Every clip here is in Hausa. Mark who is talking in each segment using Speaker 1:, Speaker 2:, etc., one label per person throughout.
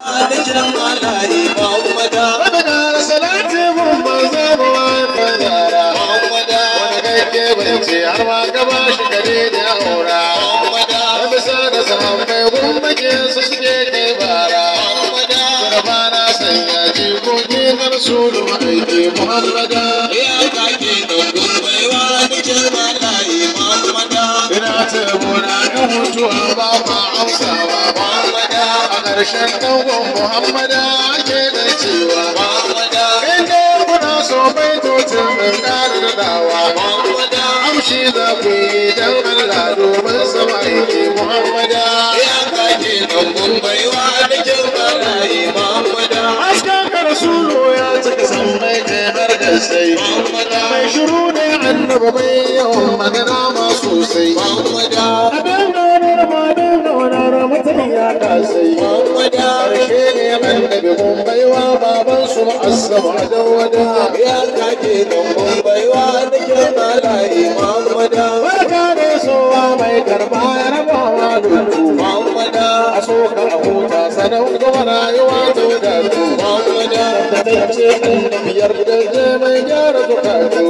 Speaker 1: Adikiran malaye Muhammada Muhammada salati mun manzo ruwan wani har ma gaba shi gare da aura Muhammada bisa da sahabbai gumbake su bara Muhammada rabana sanya ji gobe na rasulu aiki Muhammada ya kake da ina ta mona mutuwa ba ma amsawa ba. ƙarshen ɗangon muhammada ake da cewa inda kuna so mai tutun ɗan ƙarar dawa amshi za ku yi don allah domin sama aiki muhammada ya kake ɗangon baiwa da kyau bala'i muhammada hasken karsulu ya cika san kai har da sai mai shiru ne annabi mai yawan magana ma sosai abin ya kasai karshe ne mai baiwa baban su asama da wada baiwa da kirma layi mai karba ya rabawa lutu a so ka huta sanau rayuwa da ta ce mai gyara zukatu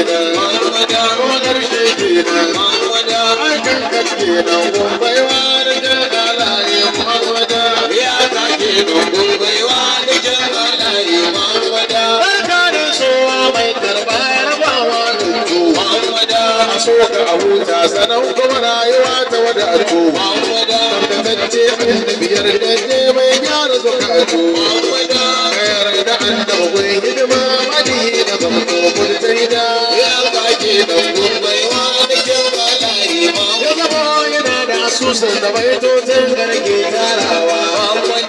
Speaker 1: kenan wada rodar shi kenan wada akan ka kenan da ya da mai karba yarbawa tuntuwa wada a so ka sanan kuma rayuwa ta wada tuwa wada biyar da mai gyara zuka tuwa asusun da baitocin da nake tarawa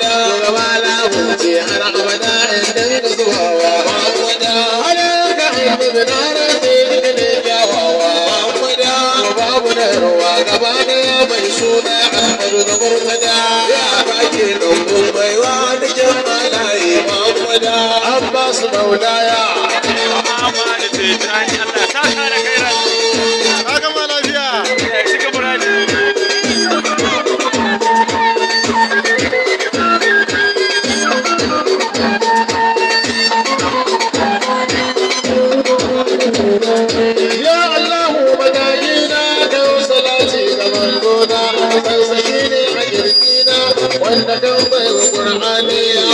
Speaker 1: gaba na huce har abada in dinga zuwawa hada ka haifi binarar ce duka ne kyawawa babu na ruwa gaba daya mai suna ahmadu da murtada ya baki ɗangun baiwa da kyan malaye abbas maulaya amma da ce ta hanyar da ta kare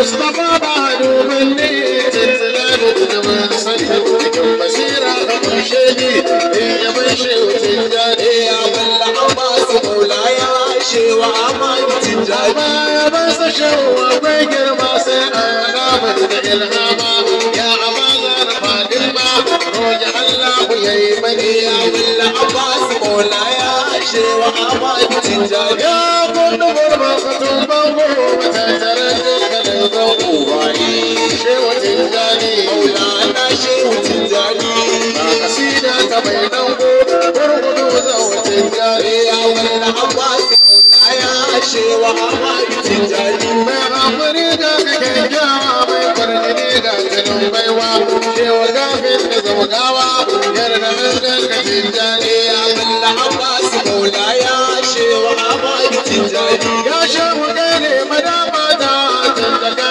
Speaker 1: Mustafa ba dubin ne tattalin mutumin sannan cikin basira da kushe ne in ya bai shehu tijjani ya balla an ba su maula ya shewa amani tijjani. Ba ya ba su shehu akwai girma sai an ramar da ilhama ya amaza da fadin ba roƙi Allah ku yayi mani ya balla an ba su maula ya shewa amani tijjani. Ya kundu gurbin zan uba a kasida ta bai dango gurgudu ya wani na abbas ya shewa mai ramuni da kake gyara mai da ganin baiwa shewa gafin da zama gawa ya wani na ya shewa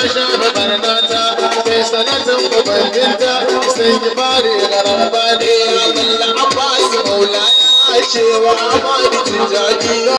Speaker 1: shafa barnata sai sanatin ubanginta sai ki fare garamba ne ya malla abbas maulaya cewa amma bitin